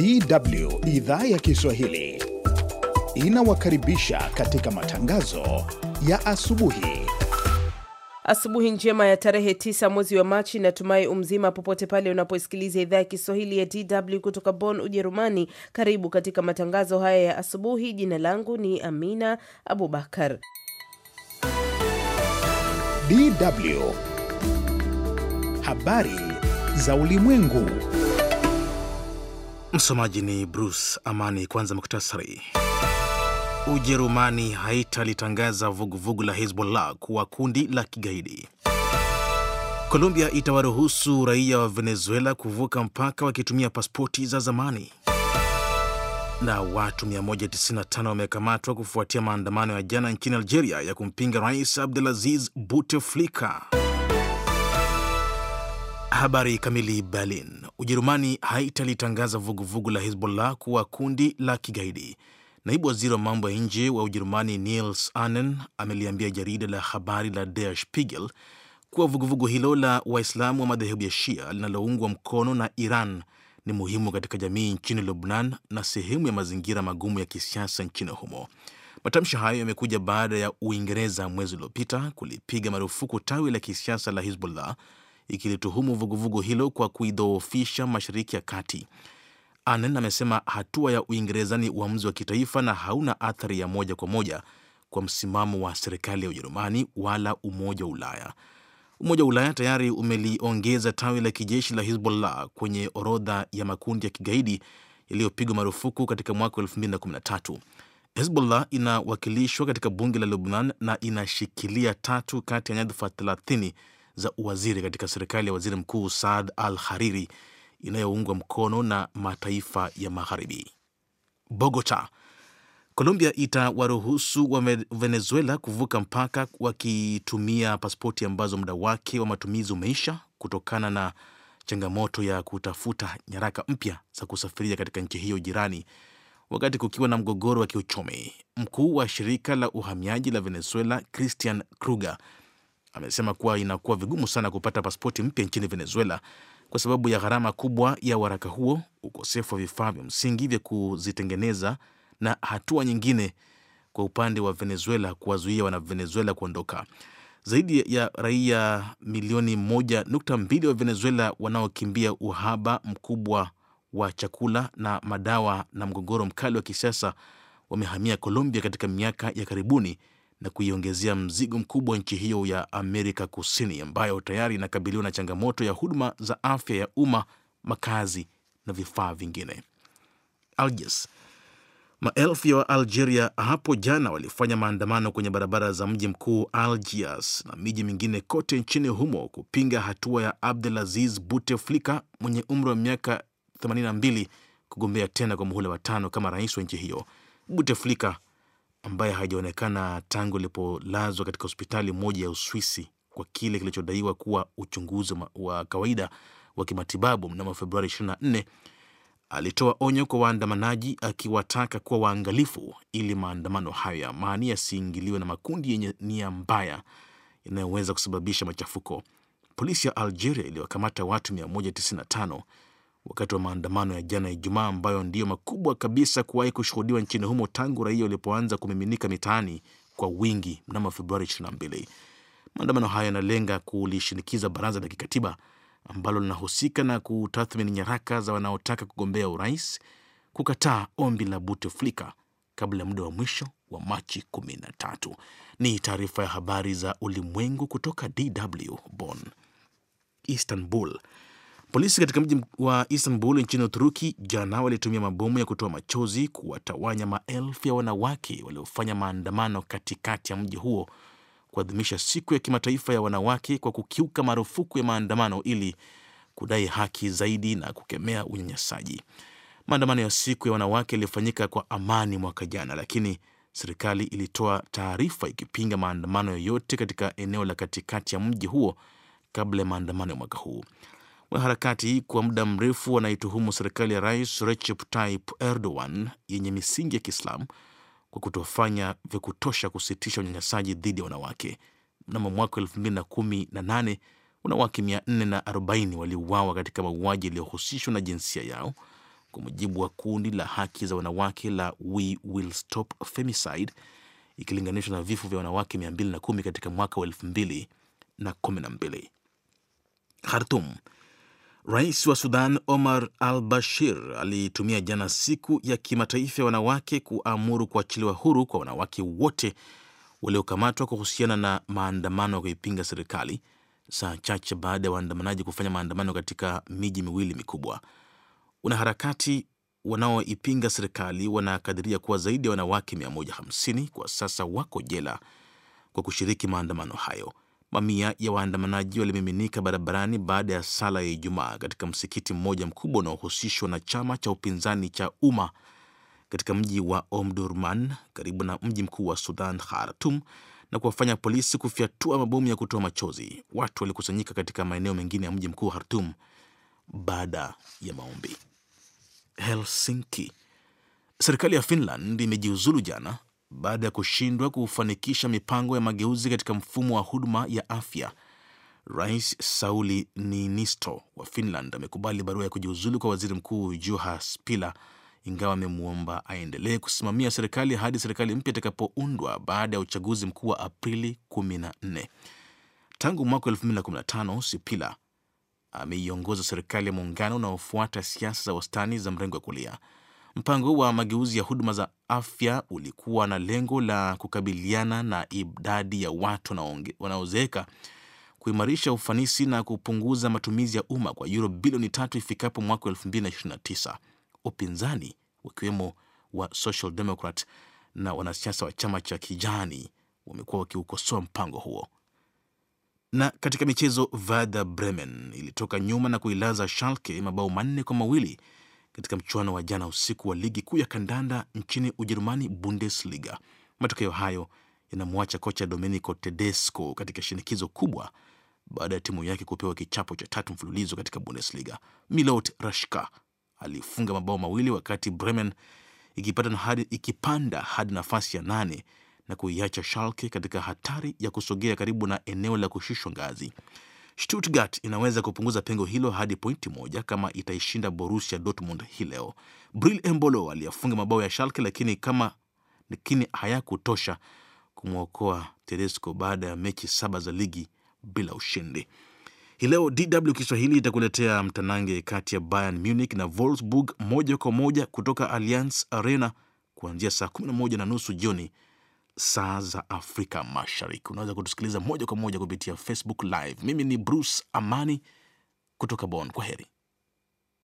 DW idhaa ya Kiswahili inawakaribisha katika matangazo ya asubuhi. Asubuhi njema ya tarehe 9 mwezi wa Machi. Natumai umzima popote pale unaposikiliza idhaa ya Kiswahili ya DW kutoka Bonn, Ujerumani. Karibu katika matangazo haya ya asubuhi. Jina langu ni Amina Abubakar. DW habari za ulimwengu. Msomaji ni Bruce Amani. Kwanza muktasari. Ujerumani haitalitangaza vuguvugu la Hezbollah kuwa kundi la kigaidi. Colombia itawaruhusu raia wa Venezuela kuvuka mpaka wakitumia paspoti za zamani. Na watu 195 wamekamatwa kufuatia maandamano ya jana nchini Algeria ya kumpinga Rais Abdelaziz Bouteflika. Habari kamili. Berlin, Ujerumani haitalitangaza vuguvugu la Hezbollah kuwa kundi la kigaidi. Naibu waziri wa mambo ya nje wa Ujerumani Nils Annen ameliambia jarida la habari la Der Spiegel kuwa vuguvugu hilo la Waislamu wa madhehebu ya Shia linaloungwa mkono na Iran ni muhimu katika jamii nchini Lebanon na sehemu ya mazingira magumu ya kisiasa nchini humo. Matamshi hayo yamekuja baada ya Uingereza mwezi uliopita kulipiga marufuku tawi la kisiasa la Hizbullah ikilituhumu vuguvugu hilo kwa kuidhoofisha Mashariki ya Kati. Anen amesema hatua ya Uingereza ni uamuzi wa kitaifa na hauna athari ya moja kwa moja kwa msimamo wa serikali ya Ujerumani wala Umoja wa Ulaya. Umoja wa Ulaya tayari umeliongeza tawi la kijeshi la Hizbollah kwenye orodha ya makundi ya kigaidi yaliyopigwa marufuku katika mwaka tatu. Hezbollah inawakilishwa katika bunge la lubnan na inashikilia tatu kati ya nyadhifa thelathini za uwaziri katika serikali ya waziri mkuu Saad Al Hariri inayoungwa mkono na mataifa ya Magharibi. Bogota, Colombia itawaruhusu wa Venezuela kuvuka mpaka wakitumia paspoti ambazo muda wake wa matumizi umeisha kutokana na changamoto ya kutafuta nyaraka mpya za kusafiria katika nchi hiyo jirani, wakati kukiwa na mgogoro wa kiuchumi. Mkuu wa shirika la uhamiaji la Venezuela Christian Kruger amesema kuwa inakuwa vigumu sana kupata paspoti mpya nchini Venezuela kwa sababu ya gharama kubwa ya waraka huo, ukosefu wa vifaa vya msingi vya kuzitengeneza na hatua nyingine kwa upande wa Venezuela kuwazuia Wanavenezuela kuondoka. Zaidi ya raia milioni moja nukta mbili wa Venezuela wanaokimbia uhaba mkubwa wa chakula na madawa na mgogoro mkali wa kisiasa wamehamia Colombia katika miaka ya karibuni na kuiongezea mzigo mkubwa nchi hiyo ya Amerika Kusini ambayo tayari inakabiliwa na changamoto ya huduma za afya ya umma, makazi na vifaa vingine. Algiers. Maelfu ya wa Algeria hapo jana walifanya maandamano kwenye barabara za mji mkuu Algiers na miji mingine kote nchini humo kupinga hatua ya Abdelaziz Bouteflika mwenye umri wa miaka 82 kugombea tena kwa muhula wa tano kama rais wa nchi hiyo. Bouteflika ambaye hajaonekana tangu alipolazwa katika hospitali moja ya Uswisi kwa kile kilichodaiwa kuwa uchunguzi wa kawaida wa kimatibabu mnamo Februari 24 alitoa onyo kwa waandamanaji akiwataka kuwa waangalifu ili maandamano hayo ya amani yasiingiliwe na makundi yenye nia mbaya yanayoweza kusababisha machafuko. Polisi ya Algeria iliwakamata watu 195 wakati wa maandamano ya jana Ijumaa ambayo ndiyo makubwa kabisa kuwahi kushuhudiwa nchini humo tangu raia walipoanza kumiminika mitaani kwa wingi mnamo Februari 22. Maandamano hayo yanalenga kulishinikiza baraza la kikatiba ambalo linahusika na kutathmini nyaraka za wanaotaka kugombea urais kukataa ombi la buteflika kabla ya muda wa mwisho wa Machi 13. Ni taarifa ya habari za ulimwengu kutoka DW Bonn. Istanbul Polisi katika mji wa Istanbul nchini Uturuki jana walitumia mabomu ya kutoa machozi kuwatawanya maelfu ya wanawake waliofanya maandamano katikati ya mji huo kuadhimisha siku ya kimataifa ya wanawake kwa kukiuka marufuku ya maandamano ili kudai haki zaidi na kukemea unyanyasaji. Maandamano ya siku ya wanawake yaliyofanyika kwa amani mwaka jana, lakini serikali ilitoa taarifa ikipinga maandamano yoyote katika eneo la katikati ya mji huo kabla ya maandamano ya mwaka huu. Wanaharakati kwa muda mrefu wanaituhumu serikali ya Rais Recep Tayyip Erdogan yenye misingi ya Kiislamu kwa kutofanya vya kutosha kusitisha unyanyasaji dhidi ya wanawake. Mnamo mwaka nane wanawake 440 waliuawa katika mauaji yaliyohusishwa na jinsia yao, kwa mujibu wa kundi la haki za wanawake la We Will Stop Femicide, ikilinganishwa na vifo vya wanawake kumi katika mwaka wa 2012. Khartum Rais wa Sudan Omar al Bashir aliitumia jana siku ya kimataifa ya wanawake kuamuru kuachiliwa huru kwa wanawake wote waliokamatwa kuhusiana na maandamano ya kuipinga serikali, saa chache baada ya waandamanaji kufanya maandamano katika miji miwili mikubwa. Wanaharakati wanaoipinga serikali wanakadiria kuwa zaidi ya wanawake 150 kwa sasa wako jela kwa kushiriki maandamano hayo. Mamia ya waandamanaji walimiminika barabarani baada ya sala ya Ijumaa katika msikiti mmoja mkubwa unaohusishwa na chama cha upinzani cha Umma katika mji wa Omdurman karibu na mji mkuu wa Sudan, Khartum, na kuwafanya polisi kufyatua mabomu ya kutoa machozi. Watu walikusanyika katika maeneo mengine ya mji mkuu Khartum baada ya maombi. Helsinki. Serikali ya Finland imejiuzulu jana baada ya kushindwa kufanikisha mipango ya mageuzi katika mfumo wa huduma ya afya. Rais Sauli Niinisto wa Finland amekubali barua ya kujiuzulu kwa waziri mkuu Juha spila ingawa amemwomba aendelee kusimamia serikali hadi serikali mpya itakapoundwa baada ya uchaguzi mkuu wa Aprili 14. Tangu mwaka 2015 sipila ameiongoza serikali ya muungano unaofuata siasa za wastani za mrengo wa kulia. Mpango wa mageuzi ya huduma za afya ulikuwa na lengo la kukabiliana na idadi ya watu wanaozeeka, kuimarisha ufanisi na kupunguza matumizi ya umma kwa yuro bilioni tatu ifikapo mwaka 2029. Upinzani wakiwemo wa Social Democrat na wanasiasa wa chama cha kijani wamekuwa wakiukosoa mpango huo. Na katika michezo, Werder Bremen ilitoka nyuma na kuilaza Schalke mabao manne kwa mawili katika mchuano wa jana usiku wa ligi kuu ya kandanda nchini Ujerumani, Bundesliga. Matokeo hayo yanamwacha kocha Domenico Tedesco katika shinikizo kubwa baada ya timu yake kupewa kichapo cha tatu mfululizo katika Bundesliga. Milot Rashka alifunga mabao mawili wakati Bremen ikipanda hadi, ikipanda hadi nafasi ya nane na kuiacha Schalke katika hatari ya kusogea karibu na eneo la kushushwa ngazi. Stuttgart inaweza kupunguza pengo hilo hadi pointi moja kama itaishinda Borussia Dortmund hii leo. Bril Embolo aliyafunga mabao ya Schalke, lakini kama lakini hayakutosha kumwokoa Tedesco baada ya mechi saba za ligi bila ushindi. Hii leo DW Kiswahili itakuletea mtanange kati ya Bayern Munich na Wolfsburg moja kwa moja kutoka Allianz Arena kuanzia saa 11 na nusu jioni saa za Afrika Mashariki. Unaweza kutusikiliza moja kwa moja kupitia Facebook Live. Mimi ni Bruce Amani kutoka Bonn. Kwa heri.